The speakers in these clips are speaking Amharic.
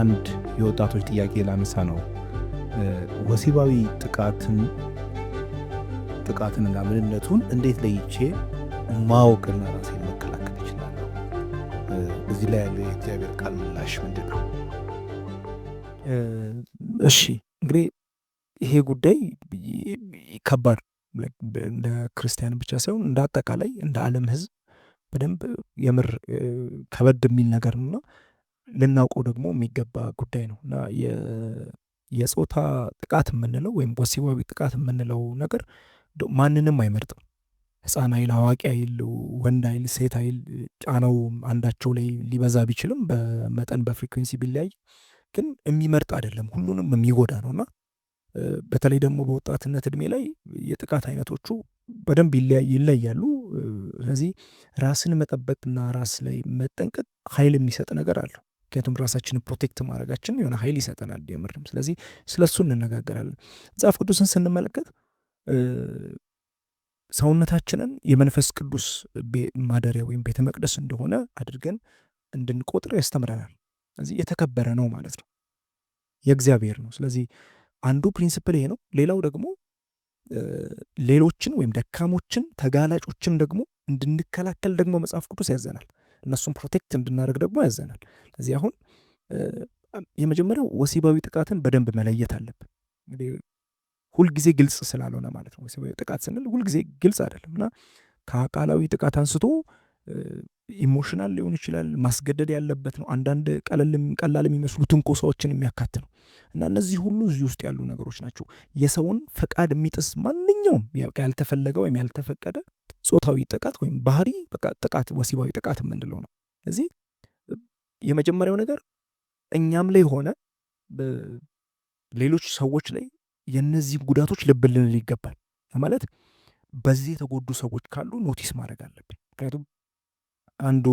አንድ የወጣቶች ጥያቄ ላነሳ ነው። ወሲባዊ ጥቃትን ጥቃትንና ምንነቱን እንዴት ለይቼ ማወቅና ራሴን መከላከል ይችላለሁ? እዚህ ላይ ያለው የእግዚአብሔር ቃል ምላሽ ምንድን ነው? እሺ እንግዲህ ይሄ ጉዳይ ከባድ እንደ ክርስቲያን ብቻ ሳይሆን እንደ አጠቃላይ እንደ ዓለም ሕዝብ በደንብ የምር ከበድ የሚል ነገር ነውና ልናውቀው ደግሞ የሚገባ ጉዳይ ነው እና የጾታ ጥቃት የምንለው ወይም ወሲባዊ ጥቃት የምንለው ነገር ማንንም አይመርጥም። ህፃን አይል፣ አዋቂ አይል፣ ወንድ አይል፣ ሴት አይል፣ ጫናው አንዳቸው ላይ ሊበዛ ቢችልም በመጠን በፍሪኩንሲ ቢለያይ ግን የሚመርጥ አይደለም፣ ሁሉንም የሚጎዳ ነው እና በተለይ ደግሞ በወጣትነት እድሜ ላይ የጥቃት አይነቶቹ በደንብ ይለያሉ። ስለዚህ ራስን መጠበቅና ራስ ላይ መጠንቀቅ ኃይል የሚሰጥ ነገር አለው። ምክንያቱም ራሳችንን ፕሮቴክት ማድረጋችን የሆነ ኃይል ይሰጠናል የምርም። ስለዚህ ስለ እሱ እንነጋገራለን። መጽሐፍ ቅዱስን ስንመለከት ሰውነታችንን የመንፈስ ቅዱስ ማደሪያ ወይም ቤተ መቅደስ እንደሆነ አድርገን እንድንቆጥር ያስተምረናል። ስለዚህ የተከበረ ነው ማለት ነው፣ የእግዚአብሔር ነው። ስለዚህ አንዱ ፕሪንስፕል ይሄ ነው። ሌላው ደግሞ ሌሎችን ወይም ደካሞችን ተጋላጮችን ደግሞ እንድንከላከል ደግሞ መጽሐፍ ቅዱስ ያዘናል። እነሱን ፕሮቴክት እንድናደርግ ደግሞ ያዘናል። ስለዚህ አሁን የመጀመሪያው ወሲባዊ ጥቃትን በደንብ መለየት አለብን። ሁልጊዜ ግልጽ ስላልሆነ ማለት ነው። ወሲባዊ ጥቃት ስንል ሁልጊዜ ግልጽ አይደለም እና ከአቃላዊ ጥቃት አንስቶ ኢሞሽናል ሊሆን ይችላል፣ ማስገደድ ያለበት ነው። አንዳንድ ቀላል የሚመስሉ ትንኮሳዎችን የሚያካት ነው እና እነዚህ ሁሉ እዚህ ውስጥ ያሉ ነገሮች ናቸው። የሰውን ፈቃድ የሚጥስ ማንኛውም ያልተፈለገ ወይም ያልተፈቀደ ጾታዊ ጥቃት ወይም ባህሪ ጥቃት፣ ወሲባዊ ጥቃት የምንለው ነው። እዚህ የመጀመሪያው ነገር እኛም ላይ ሆነ ሌሎች ሰዎች ላይ የነዚህ ጉዳቶች ልብ ልንል ይገባል። ማለት በዚህ የተጎዱ ሰዎች ካሉ ኖቲስ ማድረግ አለብን። ምክንያቱም አንዱ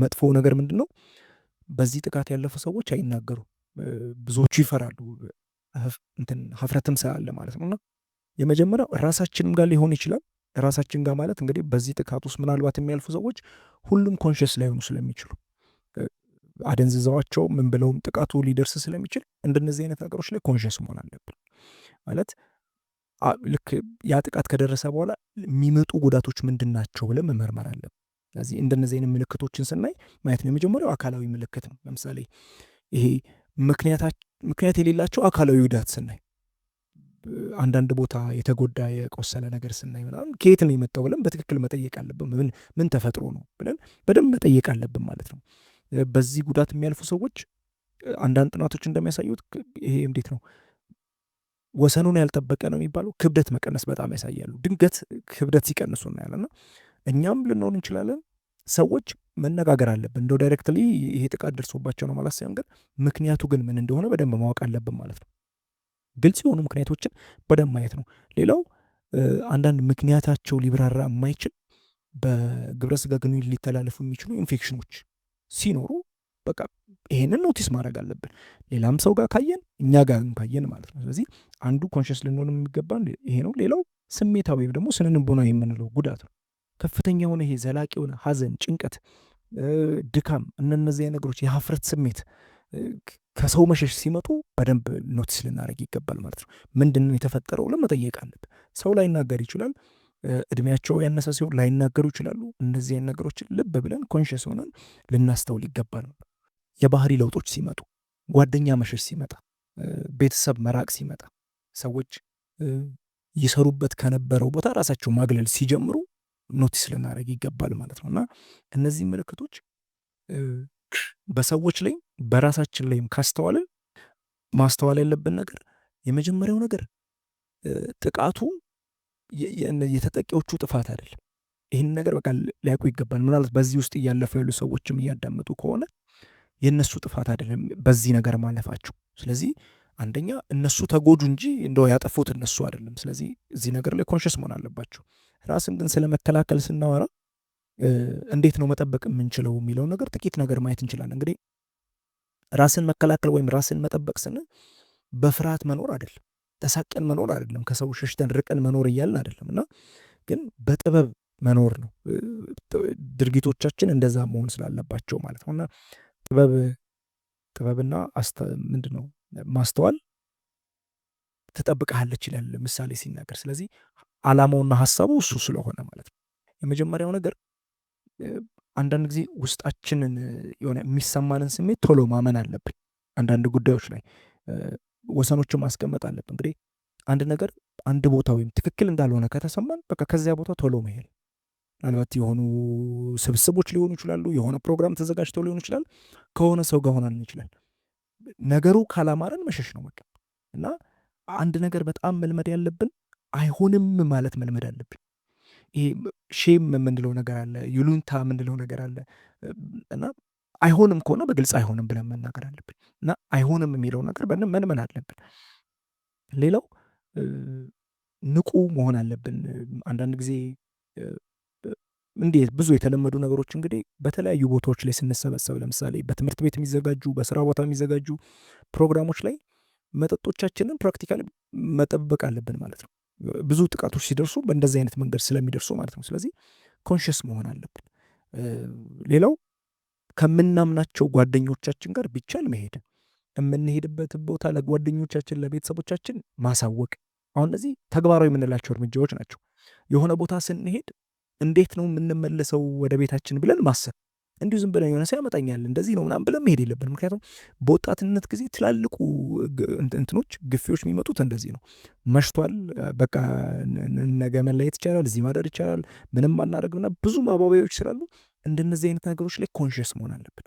መጥፎ ነገር ምንድን ነው? በዚህ ጥቃት ያለፉ ሰዎች አይናገሩ ብዙዎቹ ይፈራሉ። እንትን ሀፍረትም ስላለ ማለት ነው እና የመጀመሪያው ራሳችንም ጋር ሊሆን ይችላል ራሳችን ጋር ማለት እንግዲህ በዚህ ጥቃት ውስጥ ምናልባት የሚያልፉ ሰዎች ሁሉም ኮንሽስ ላይሆኑ ስለሚችሉ አደንዝዘዋቸው ምን ብለውም ጥቃቱ ሊደርስ ስለሚችል እንደነዚህ አይነት ነገሮች ላይ ኮንሽስ መሆን አለብን። ማለት ልክ ያ ጥቃት ከደረሰ በኋላ የሚመጡ ጉዳቶች ምንድን ናቸው ብለን መመርመር አለብን። ስለዚህ እንደነዚህ አይነት ምልክቶችን ስናይ ማየት ነው። የመጀመሪያው አካላዊ ምልክት ነው። ለምሳሌ ይሄ ምክንያት የሌላቸው አካላዊ ጉዳት ስናይ አንዳንድ ቦታ የተጎዳ የቆሰለ ነገር ስናይ ምናምን ከየት ነው የመጣው ብለን በትክክል መጠየቅ አለብን። ምን ምን ተፈጥሮ ነው ብለን በደንብ መጠየቅ አለብን ማለት ነው። በዚህ ጉዳት የሚያልፉ ሰዎች አንዳንድ ጥናቶች እንደሚያሳዩት ይሄ እንዴት ነው ወሰኑን ያልጠበቀ ነው የሚባለው ክብደት መቀነስ በጣም ያሳያሉ። ድንገት ክብደት ሲቀንሱ እናያለና እኛም ልንሆን እንችላለን። ሰዎች መነጋገር አለብን እንደው ዳይሬክትሊ ይሄ ጥቃት ደርሶባቸው ነው ማለት ሳይሆን፣ ግን ምክንያቱ ግን ምን እንደሆነ በደንብ ማወቅ አለብን ማለት ነው። ግልጽ የሆኑ ምክንያቶችን በደንብ ማየት ነው። ሌላው አንዳንድ ምክንያታቸው ሊብራራ የማይችል በግብረ ስጋ ግንኙነት ሊተላለፉ የሚችሉ ኢንፌክሽኖች ሲኖሩ በቃ ይሄንን ኖቲስ ማድረግ አለብን። ሌላም ሰው ጋር ካየን እኛ ጋር ካየን ማለት ነው። ስለዚህ አንዱ ኮንሽስ ልንሆን የሚገባን ይሄ ነው። ሌላው ስሜታዊ ወይም ደግሞ ስነ የምንለው ጉዳት ነው። ከፍተኛ የሆነ ይሄ ዘላቂ የሆነ ሀዘን፣ ጭንቀት፣ ድካም እነነዚያ ነገሮች የሀፍረት ስሜት ከሰው መሸሽ ሲመጡ በደንብ ኖቲስ ልናደርግ ይገባል ማለት ነው። ምንድን ነው የተፈጠረው ለመጠየቅ አለብን። ሰው ላይናገር ይችላል። እድሜያቸው ያነሰ ሲሆን ላይናገሩ ይችላሉ። እነዚህ ነገሮች ልብ ብለን ኮንሽስ ሆነን ልናስተውል ይገባል። የባህሪ ለውጦች ሲመጡ፣ ጓደኛ መሸሽ ሲመጣ፣ ቤተሰብ መራቅ ሲመጣ፣ ሰዎች ይሰሩበት ከነበረው ቦታ ራሳቸው ማግለል ሲጀምሩ ኖቲስ ልናደርግ ይገባል ማለት ነው እና እነዚህ ምልክቶች በሰዎች ላይም በራሳችን ላይም ካስተዋልን ማስተዋል ያለብን ነገር የመጀመሪያው ነገር ጥቃቱ የተጠቂዎቹ ጥፋት አይደለም። ይህን ነገር በቃ ሊያውቁ ይገባል። ምናልባት በዚህ ውስጥ እያለፉ ያሉ ሰዎችም እያዳመጡ ከሆነ የእነሱ ጥፋት አይደለም በዚህ ነገር ማለፋቸው። ስለዚህ አንደኛ እነሱ ተጎዱ እንጂ እንደው ያጠፉት እነሱ አይደለም። ስለዚህ እዚህ ነገር ላይ ኮንሽስ መሆን አለባቸው። ራስን ግን ስለመከላከል ስናወራ እንዴት ነው መጠበቅ የምንችለው የሚለው ነገር ጥቂት ነገር ማየት እንችላለን። እንግዲህ ራስን መከላከል ወይም ራስን መጠበቅ ስንል በፍርሃት መኖር አይደለም፣ ተሳቀን መኖር አይደለም፣ ከሰው ሸሽተን ርቀን መኖር እያልን አይደለም እና ግን በጥበብ መኖር ነው። ድርጊቶቻችን እንደዛ መሆን ስላለባቸው ማለት ነው እና ጥበብ ጥበብና ምንድን ነው ማስተዋል ትጠብቀሃለች ይላል ምሳሌ ሲናገር። ስለዚህ አላማውና ሀሳቡ እሱ ስለሆነ ማለት ነው የመጀመሪያው ነገር አንዳንድ ጊዜ ውስጣችንን የሆነ የሚሰማንን ስሜት ቶሎ ማመን አለብን። አንዳንድ ጉዳዮች ላይ ወሰኖችን ማስቀመጥ አለብን። እንግዲህ አንድ ነገር አንድ ቦታ ወይም ትክክል እንዳልሆነ ከተሰማን በቃ ከዚያ ቦታ ቶሎ መሄድ ምናልባት የሆኑ ስብስቦች ሊሆኑ ይችላሉ። የሆነ ፕሮግራም ተዘጋጅተው ሊሆኑ ይችላል። ከሆነ ሰው ጋር ሆነን ይችላል። ነገሩ ካላማረን መሸሽ ነው በቃ እና አንድ ነገር በጣም መልመድ ያለብን አይሆንም ማለት መልመድ አለብን። ይሄ ሼም የምንለው ነገር አለ፣ ይሉንታ የምንለው ነገር አለ እና አይሆንም ከሆነ በግልጽ አይሆንም ብለን መናገር አለብን እና አይሆንም የሚለው ነገር መንመን አለብን። ሌላው ንቁ መሆን አለብን። አንዳንድ ጊዜ እንዴት ብዙ የተለመዱ ነገሮች እንግዲህ በተለያዩ ቦታዎች ላይ ስንሰበሰብ ለምሳሌ በትምህርት ቤት የሚዘጋጁ በስራ ቦታ የሚዘጋጁ ፕሮግራሞች ላይ መጠጦቻችንን ፕራክቲካል መጠበቅ አለብን ማለት ነው። ብዙ ጥቃቶች ሲደርሱ በእንደዚህ አይነት መንገድ ስለሚደርሱ ማለት ነው። ስለዚህ ኮንሽስ መሆን አለብን። ሌላው ከምናምናቸው ጓደኞቻችን ጋር ቢቻል መሄድ፣ የምንሄድበት ቦታ ለጓደኞቻችን ለቤተሰቦቻችን ማሳወቅ። አሁን እነዚህ ተግባራዊ የምንላቸው እርምጃዎች ናቸው። የሆነ ቦታ ስንሄድ እንዴት ነው የምንመለሰው ወደ ቤታችን ብለን ማሰብ እንዲሁ ዝም ብለን የሆነ ሰው ያመጣኛል እንደዚህ ነው ምናምን ብለን መሄድ የለብን። ምክንያቱም በወጣትነት ጊዜ ትላልቁ እንትኖች ግፊዎች የሚመጡት እንደዚህ ነው። መሽቷል፣ በቃ ነገ መለየት ይቻላል፣ እዚህ ማደር ይቻላል፣ ምንም አናደርግምና ብዙ ማባቢያዎች ስላሉ እንደነዚህ አይነት ነገሮች ላይ ኮንሽስ መሆን አለብን።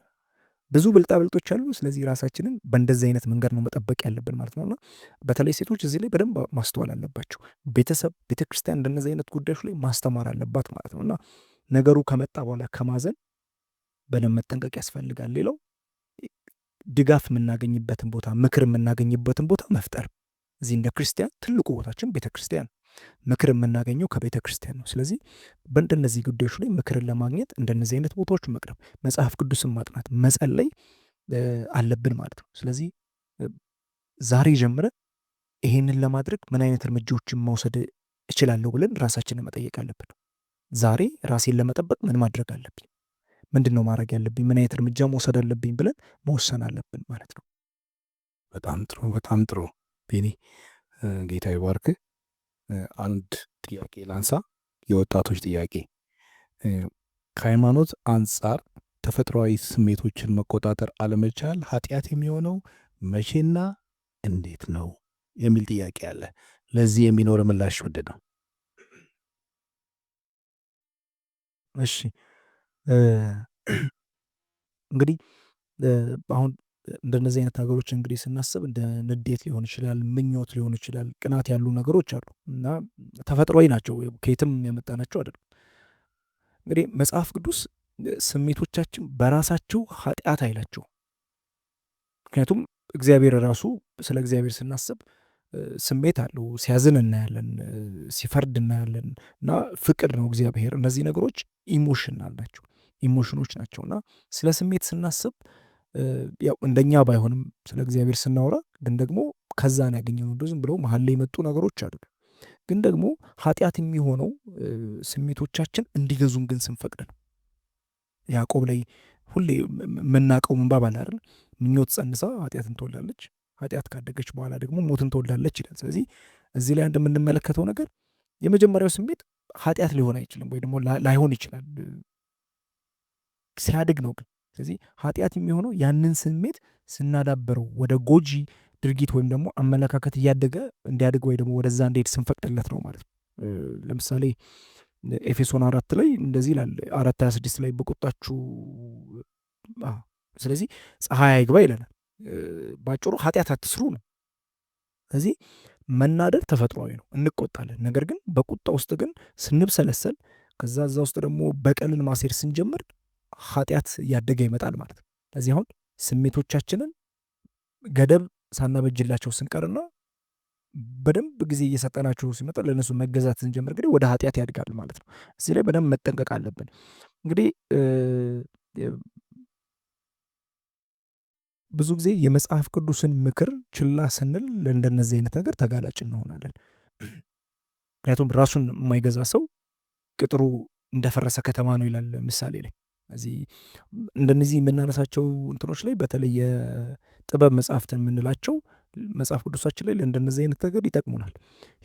ብዙ ብልጣ ብልጦች አሉ። ስለዚህ ራሳችንን በእንደዚህ አይነት መንገድ ነው መጠበቅ ያለብን ማለት ነውና በተለይ ሴቶች እዚህ ላይ በደንብ ማስተዋል አለባቸው። ቤተሰብ፣ ቤተክርስቲያን እንደነዚህ አይነት ጉዳዮች ላይ ማስተማር አለባት ማለት ነውና ነገሩ ከመጣ በኋላ ከማዘን በደንብ መጠንቀቅ ያስፈልጋል። ሌላው ድጋፍ የምናገኝበትን ቦታ፣ ምክር የምናገኝበትን ቦታ መፍጠር። እዚህ እንደ ክርስቲያን ትልቁ ቦታችን ቤተ ክርስቲያን፣ ምክር የምናገኘው ከቤተ ክርስቲያን ነው። ስለዚህ በእንደነዚህ ጉዳዮች ላይ ምክርን ለማግኘት እንደነዚህ አይነት ቦታዎች መቅረብ፣ መጽሐፍ ቅዱስን ማጥናት፣ መጸለይ አለብን ማለት ነው። ስለዚህ ዛሬ ጀምረ ይሄንን ለማድረግ ምን አይነት እርምጃዎችን መውሰድ እችላለሁ ብለን ራሳችንን መጠየቅ አለብን። ዛሬ ራሴን ለመጠበቅ ምን ማድረግ አለብኝ? ምንድን ነው ማድረግ ያለብኝ፣ ምን አይነት እርምጃ መውሰድ አለብኝ ብለን መወሰን አለብን ማለት ነው። በጣም ጥሩ፣ በጣም ጥሩ። ቤኒ ጌታ ይባርክ። አንድ ጥያቄ ላንሳ፣ የወጣቶች ጥያቄ። ከሃይማኖት አንጻር ተፈጥሯዊ ስሜቶችን መቆጣጠር አለመቻል ኃጢአት የሚሆነው መቼና እንዴት ነው የሚል ጥያቄ አለ። ለዚህ የሚኖር ምላሽ ምንድን ነው? እሺ እንግዲህ አሁን እንደነዚህ አይነት ነገሮች እንግዲህ ስናስብ እንደ ንዴት ሊሆን ይችላል፣ ምኞት ሊሆን ይችላል፣ ቅናት ያሉ ነገሮች አሉ እና ተፈጥሯዊ ናቸው ከየትም ናቸው አይደለም። እንግዲህ መጽሐፍ ቅዱስ ስሜቶቻችን በራሳቸው ኃጢአት አይላቸው ምክንያቱም እግዚአብሔር ራሱ ስለ እግዚአብሔር ስናስብ ስሜት አለው። ሲያዝን እናያለን፣ ሲፈርድ እናያለን እና ፍቅር ነው እግዚአብሔር። እነዚህ ነገሮች ኢሞሽናል ናቸው። ኢሞሽኖች ናቸው እና ስለ ስሜት ስናስብ ያው እንደኛ ባይሆንም ስለ እግዚአብሔር ስናወራ ግን ደግሞ ከዛ ነው ያገኘነው። ዝም ብለው መሀል ላይ የመጡ ነገሮች አሉ። ግን ደግሞ ኃጢአት የሚሆነው ስሜቶቻችን እንዲገዙን ግን ስንፈቅድ ነው። ያዕቆብ ላይ ሁሌ የምናውቀው ምንባብ አለ አይደል? ምኞት ጸንሳ ኃጢአትን ትወልዳለች፣ ኃጢአት ካደገች በኋላ ደግሞ ሞትን ትወልዳለች ይላል። ስለዚህ እዚህ ላይ እንደምንመለከተው ነገር የመጀመሪያው ስሜት ኃጢአት ሊሆን አይችልም ወይ ደግሞ ላይሆን ይችላል ሲያድግ ነው። ግን ስለዚህ ኃጢአት የሚሆነው ያንን ስሜት ስናዳበረው ወደ ጎጂ ድርጊት ወይም ደግሞ አመለካከት እያደገ እንዲያድግ ወይ ደግሞ ወደዛ እንዲሄድ ስንፈቅድለት ነው ማለት ነው። ለምሳሌ ኤፌሶን አራት ላይ እንደዚህ ይላል፣ አራት ሀያ ስድስት ላይ በቁጣችሁ ስለዚህ ፀሐይ አይግባ ይለናል። ባጭሩ ኃጢአት አትስሩ ነው። ስለዚህ መናደር ተፈጥሯዊ ነው፣ እንቆጣለን። ነገር ግን በቁጣ ውስጥ ግን ስንብሰለሰል ከዛ እዛ ውስጥ ደግሞ በቀልን ማሴር ስንጀምር ኃጢአት እያደገ ይመጣል ማለት ነው። ለዚህ አሁን ስሜቶቻችንን ገደብ ሳናበጅላቸው ስንቀርና በደንብ ጊዜ እየሰጠናቸው ሲመጣ ለእነሱ መገዛት ስንጀምር እንግዲህ ወደ ኃጢአት ያድጋል ማለት ነው። እዚህ ላይ በደንብ መጠንቀቅ አለብን። እንግዲህ ብዙ ጊዜ የመጽሐፍ ቅዱስን ምክር ችላ ስንል ለእንደነዚህ አይነት ነገር ተጋላጭ እንሆናለን። ምክንያቱም ራሱን የማይገዛ ሰው ቅጥሩ እንደፈረሰ ከተማ ነው ይላል ምሳሌ ላይ። እዚህ እንደነዚህ የምናነሳቸው እንትኖች ላይ በተለይ የጥበብ መጽሐፍትን የምንላቸው መጽሐፍ ቅዱሳችን ላይ ለእንደነዚህ አይነት ነገር ይጠቅሙናል።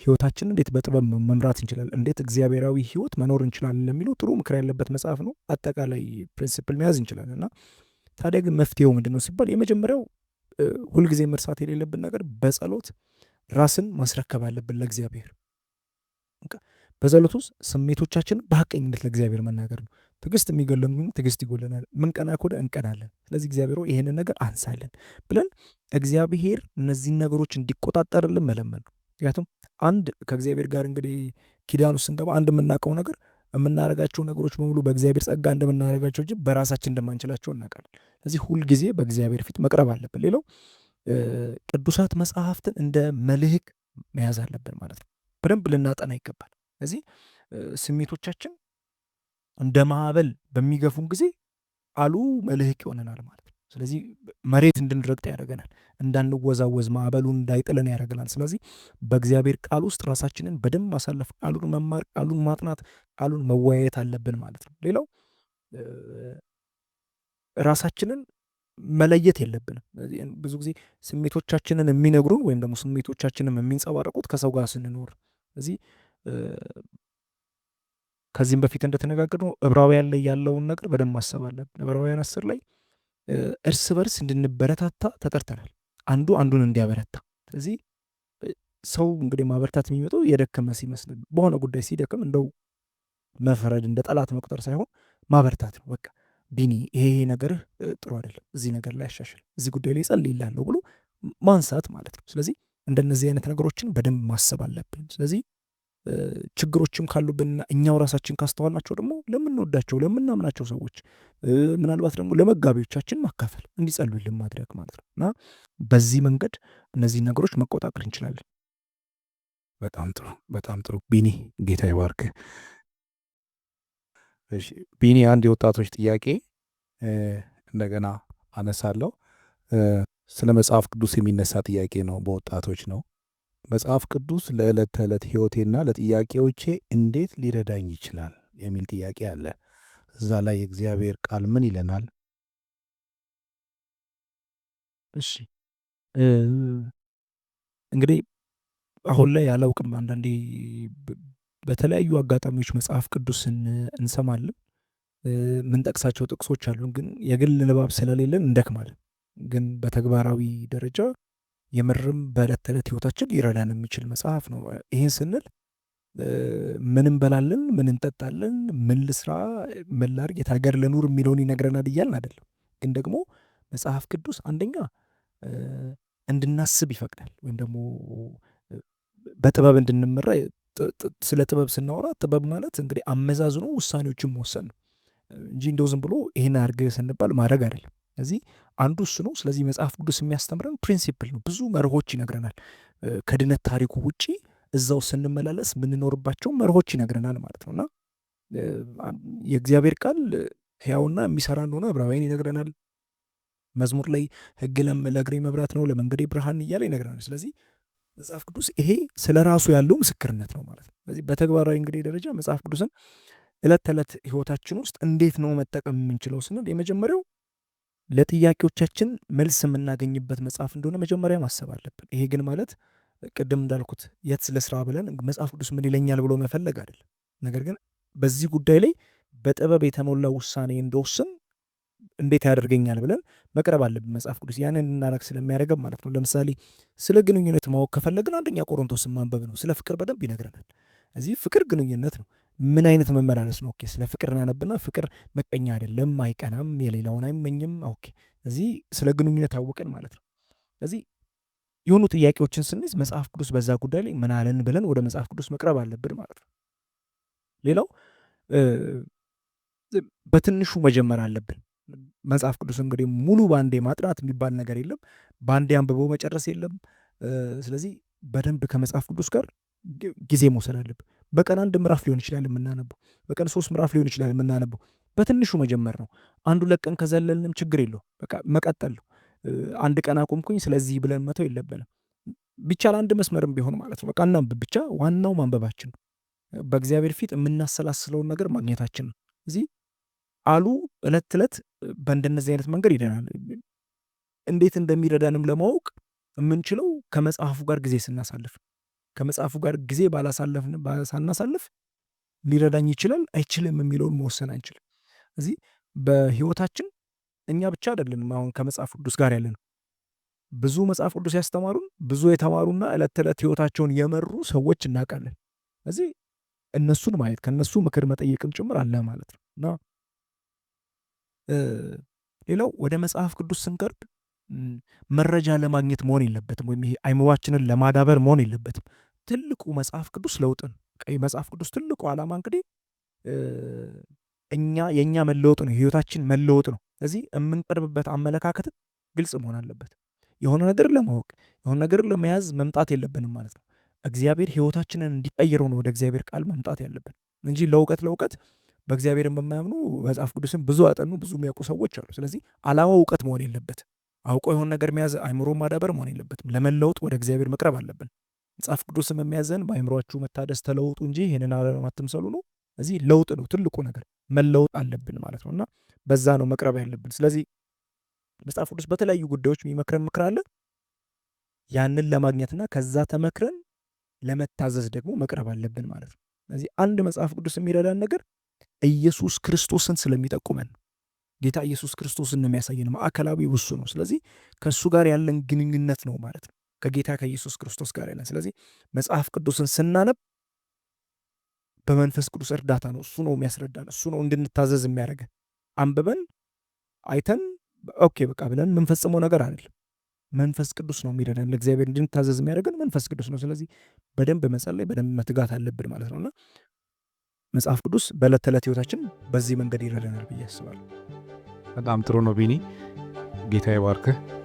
ህይወታችን እንዴት በጥበብ መምራት እንችላለን፣ እንዴት እግዚአብሔራዊ ህይወት መኖር እንችላለን ለሚለው ጥሩ ምክር ያለበት መጽሐፍ ነው። አጠቃላይ ፕሪንሲፕል መያዝ እንችላለን እና ታዲያ ግን መፍትሄው ምንድን ነው ሲባል የመጀመሪያው ሁልጊዜ መርሳት የሌለብን ነገር በጸሎት ራስን ማስረከብ አለብን ለእግዚአብሔር። በጸሎት ውስጥ ስሜቶቻችንን በሀቀኝነት ለእግዚአብሔር መናገር ነው። ትዕግስት የሚጎለን ትግስት ይጎለናል። ምንቀና ከሆነ እንቀናለን። ስለዚህ እግዚአብሔር ይህንን ነገር አንሳለን ብለን እግዚአብሔር እነዚህን ነገሮች እንዲቆጣጠርልን መለመን ነው። ምክንያቱም አንድ ከእግዚአብሔር ጋር እንግዲህ ኪዳን ስንገባ አንድ የምናውቀው ነገር የምናደርጋቸው ነገሮች በሙሉ በእግዚአብሔር ጸጋ እንደምናደርጋቸው እንጂ በራሳችን እንደማንችላቸው እናውቃለን። ስለዚህ ሁልጊዜ በእግዚአብሔር ፊት መቅረብ አለብን። ሌላው ቅዱሳት መጽሐፍትን እንደ መልህቅ መያዝ አለብን ማለት ነው። በደንብ ልናጠና ይገባል። ስለዚህ ስሜቶቻችን እንደ ማዕበል በሚገፉን ጊዜ ቃሉ መልህቅ ይሆነናል ማለት ነው። ስለዚህ መሬት እንድንረግጥ ያደርገናል፣ እንዳንወዛወዝ ማዕበሉን እንዳይጥለን ያደርገናል። ስለዚህ በእግዚአብሔር ቃል ውስጥ ራሳችንን በደንብ ማሳለፍ፣ ቃሉን መማር፣ ቃሉን ማጥናት፣ ቃሉን መወያየት አለብን ማለት ነው። ሌላው ራሳችንን መለየት የለብንም። ብዙ ጊዜ ስሜቶቻችንን የሚነግሩን ወይም ደግሞ ስሜቶቻችንን የሚንጸባረቁት ከሰው ጋር ስንኖር እዚህ ከዚህም በፊት ነው ዕብራውያን ላይ ያለውን ነገር በደንብ ማሰብ አለብን። ዕብራውያን አስር ላይ እርስ በርስ እንድንበረታታ ተጠርተናል፣ አንዱ አንዱን እንዲያበረታ። ስለዚህ ሰው እንግዲህ ማበረታት የሚመጣው የደከመ ሲመስልን በሆነ ጉዳይ ሲደክም እንደው መፍረድ እንደ ጠላት መቁጠር ሳይሆን ማበረታት ነው። በቃ ቢኒ ይሄ ነገርህ ጥሩ አይደለም፣ እዚህ ነገር ላይ ያሻሽል፣ እዚህ ጉዳይ ላይ ጸልይ ብሎ ማንሳት ማለት ነው። ስለዚህ እንደነዚህ አይነት ነገሮችን በደንብ ማሰብ አለብን። ስለዚህ ችግሮችም ካሉብንና እኛው ራሳችን ካስተዋልናቸው ደግሞ ለምንወዳቸው ለምናምናቸው ሰዎች ምናልባት ደግሞ ለመጋቢዎቻችን ማካፈል እንዲጸሉልን ማድረግ ማለት ነው እና በዚህ መንገድ እነዚህ ነገሮች መቆጣጠር እንችላለን። በጣም ጥሩ በጣም ጥሩ ቢኒ፣ ጌታ ይባርክ። ቢኒ፣ አንድ የወጣቶች ጥያቄ እንደገና አነሳለሁ። ስለ መጽሐፍ ቅዱስ የሚነሳ ጥያቄ ነው፣ በወጣቶች ነው። መጽሐፍ ቅዱስ ለዕለት ተዕለት ሕይወቴና ለጥያቄዎቼ እንዴት ሊረዳኝ ይችላል የሚል ጥያቄ አለ። እዛ ላይ የእግዚአብሔር ቃል ምን ይለናል? እሺ እንግዲህ አሁን ላይ አላውቅም፣ አንዳንዴ በተለያዩ አጋጣሚዎች መጽሐፍ ቅዱስን እንሰማለን። ምንጠቅሳቸው ጥቅሶች አሉ ግን የግል ንባብ ስለሌለን እንደክማለን። ግን በተግባራዊ ደረጃ የምርም በዕለት ተዕለት ህይወታችን ሊረዳን የሚችል መጽሐፍ ነው። ይህን ስንል ምን እንበላለን፣ ምን እንጠጣለን፣ ምን ልስራ፣ ምን ላድርግ፣ የት ሀገር ልኑር የሚለውን ይነግረናል እያልን አይደለም። ግን ደግሞ መጽሐፍ ቅዱስ አንደኛ እንድናስብ ይፈቅዳል ወይም ደግሞ በጥበብ እንድንመራ ስለ ጥበብ ስናወራ ጥበብ ማለት እንግዲህ አመዛዝኖ ውሳኔዎችን መወሰን ነው እንጂ እንደው ዝም ብሎ ይህን አድርግ ስንባል ማድረግ አይደለም። ስለዚህ አንዱ እሱ ነው። ስለዚህ መጽሐፍ ቅዱስ የሚያስተምረን ፕሪንሲፕል ነው። ብዙ መርሆች ይነግረናል። ከድነት ታሪኩ ውጪ እዛው ስንመላለስ የምንኖርባቸው መርሆች ይነግረናል ማለት ነው እና የእግዚአብሔር ቃል ሕያውና የሚሰራ እንደሆነ ዕብራውያን ይነግረናል። መዝሙር ላይ ሕግ ለእግሬ መብራት ነው ለመንገዴ ብርሃን እያለ ይነግረናል። ስለዚህ መጽሐፍ ቅዱስ ይሄ ስለ ራሱ ያለው ምስክርነት ነው ማለት ነው። ስለዚህ በተግባራዊ እንግዲህ ደረጃ መጽሐፍ ቅዱስን ዕለት ተዕለት ሕይወታችን ውስጥ እንዴት ነው መጠቀም የምንችለው ስንል የመጀመሪያው ለጥያቄዎቻችን መልስ የምናገኝበት መጽሐፍ እንደሆነ መጀመሪያ ማሰብ አለብን። ይሄ ግን ማለት ቅድም እንዳልኩት የት ስለ ስራ ብለን መጽሐፍ ቅዱስ ምን ይለኛል ብሎ መፈለግ አይደለም። ነገር ግን በዚህ ጉዳይ ላይ በጥበብ የተሞላ ውሳኔ እንደወስን እንዴት ያደርገኛል ብለን መቅረብ አለብን። መጽሐፍ ቅዱስ ያንን እናረግ ስለሚያደርገን ማለት ነው። ለምሳሌ ስለ ግንኙነት ማወቅ ከፈለግን አንደኛ ቆሮንቶስን ማንበብ ነው። ስለ ፍቅር በደንብ ይነግረናል። እዚህ ፍቅር ግንኙነት ነው። ምን አይነት መመላለስ ነው? ኦኬ ስለ ፍቅር እናነብና ፍቅር መቀኛ አይደለም፣ አይቀናም፣ የሌላውን አይመኝም። ኦኬ እዚህ ስለ ግንኙነት አወቀን ማለት ነው። ስለዚህ የሆኑ ጥያቄዎችን ስንይዝ መጽሐፍ ቅዱስ በዛ ጉዳይ ላይ ምን አለን ብለን ወደ መጽሐፍ ቅዱስ መቅረብ አለብን ማለት ነው። ሌላው በትንሹ መጀመር አለብን። መጽሐፍ ቅዱስ እንግዲህ ሙሉ በአንዴ ማጥናት የሚባል ነገር የለም፣ በአንዴ አንብቦ መጨረስ የለም። ስለዚህ በደንብ ከመጽሐፍ ቅዱስ ጋር ጊዜ መውሰድ አለብን። በቀን አንድ ምዕራፍ ሊሆን ይችላል የምናነበው፣ በቀን ሶስት ምዕራፍ ሊሆን ይችላል የምናነበው። በትንሹ መጀመር ነው። አንዱ ለቀን ከዘለልንም ችግር የለው በቃ መቀጠል ነው። አንድ ቀን አቁምኩኝ ስለዚህ ብለን መተው የለብንም። ብቻ ለአንድ መስመርም ቢሆን ማለት ነው በቃ እናንብብ። ብቻ ዋናው ማንበባችን ነው። በእግዚአብሔር ፊት የምናሰላስለውን ነገር ማግኘታችን ነው። እዚህ አሉ እለት እለት በእንደነዚህ አይነት መንገድ ይደናል። እንዴት እንደሚረዳንም ለማወቅ የምንችለው ከመጽሐፉ ጋር ጊዜ ስናሳልፍ ከመጽሐፉ ጋር ጊዜ ሳናሳልፍ ሊረዳኝ ይችላል አይችልም የሚለውን መወሰን አንችልም። እዚህ በህይወታችን እኛ ብቻ አይደለንም አሁን ከመጽሐፍ ቅዱስ ጋር ያለ ነው። ብዙ መጽሐፍ ቅዱስ ያስተማሩን ብዙ የተማሩና ዕለት ተዕለት ህይወታቸውን የመሩ ሰዎች እናውቃለን። እዚህ እነሱን ማየት ከእነሱ ምክር መጠየቅም ጭምር አለ ማለት ነው እና ሌላው ወደ መጽሐፍ ቅዱስ ስንቀርብ መረጃ ለማግኘት መሆን የለበትም ወይም ይሄ አይምሯችንን ለማዳበር መሆን የለበትም። ትልቁ መጽሐፍ ቅዱስ ለውጥ ነው። መጽሐፍ ቅዱስ ትልቁ ዓላማ እንግዲህ እኛ የእኛ መለወጥ ነው፣ የህይወታችን መለወጥ ነው። ስለዚህ የምንቀርብበት አመለካከት ግልጽ መሆን አለበት። የሆነ ነገር ለማወቅ የሆነ ነገር ለመያዝ መምጣት የለብንም ማለት ነው። እግዚአብሔር ህይወታችንን እንዲቀይረው ነው ወደ እግዚአብሔር ቃል መምጣት ያለብን እንጂ ለእውቀት ለእውቀት በእግዚአብሔር በማያምኑ መጽሐፍ ቅዱስን ብዙ አጠኑ ብዙ የሚያውቁ ሰዎች አሉ። ስለዚህ ዓላማው እውቀት መሆን የለበት። አውቆ የሆነ ነገር መያዝ አይምሮ ማዳበር መሆን የለበትም። ለመለወጥ ወደ እግዚአብሔር መቅረብ አለብን። መጽሐፍ ቅዱስ የሚያዘን በአእምሯችሁ መታደስ ተለውጡ እንጂ ይህንን ዓለም አትምሰሉ ነው። እዚህ ለውጥ ነው ትልቁ ነገር፣ መለወጥ አለብን ማለት ነው እና በዛ ነው መቅረብ ያለብን። ስለዚህ መጽሐፍ ቅዱስ በተለያዩ ጉዳዮች የሚመክረን ምክር አለ። ያንን ለማግኘትና ከዛ ተመክረን ለመታዘዝ ደግሞ መቅረብ አለብን ማለት ነው። ስለዚህ አንድ መጽሐፍ ቅዱስ የሚረዳን ነገር ኢየሱስ ክርስቶስን ስለሚጠቁመን ጌታ ኢየሱስ ክርስቶስን ነው የሚያሳየን። ማዕከላዊ ውሱ ነው። ስለዚህ ከእሱ ጋር ያለን ግንኙነት ነው ማለት ነው። ከጌታ ከኢየሱስ ክርስቶስ ጋር ያለን። ስለዚህ መጽሐፍ ቅዱስን ስናነብ በመንፈስ ቅዱስ እርዳታ ነው። እሱ ነው የሚያስረዳን፣ እሱ ነው እንድንታዘዝ የሚያደርገን። አንብበን አይተን ኦኬ በቃ ብለን የምንፈጽመው ነገር አይደለም። መንፈስ ቅዱስ ነው የሚረዳን፣ ለእግዚአብሔር እንድንታዘዝ የሚያደርገን መንፈስ ቅዱስ ነው። ስለዚህ በደንብ መጸለይ፣ በደንብ መትጋት አለብን ማለት ነውና መጽሐፍ ቅዱስ በዕለት ተዕለት ህይወታችን በዚህ መንገድ ይረዳናል ብዬ አስባለሁ። በጣም ጥሩ ነው ቢኒ። ጌታ ይባርክህ።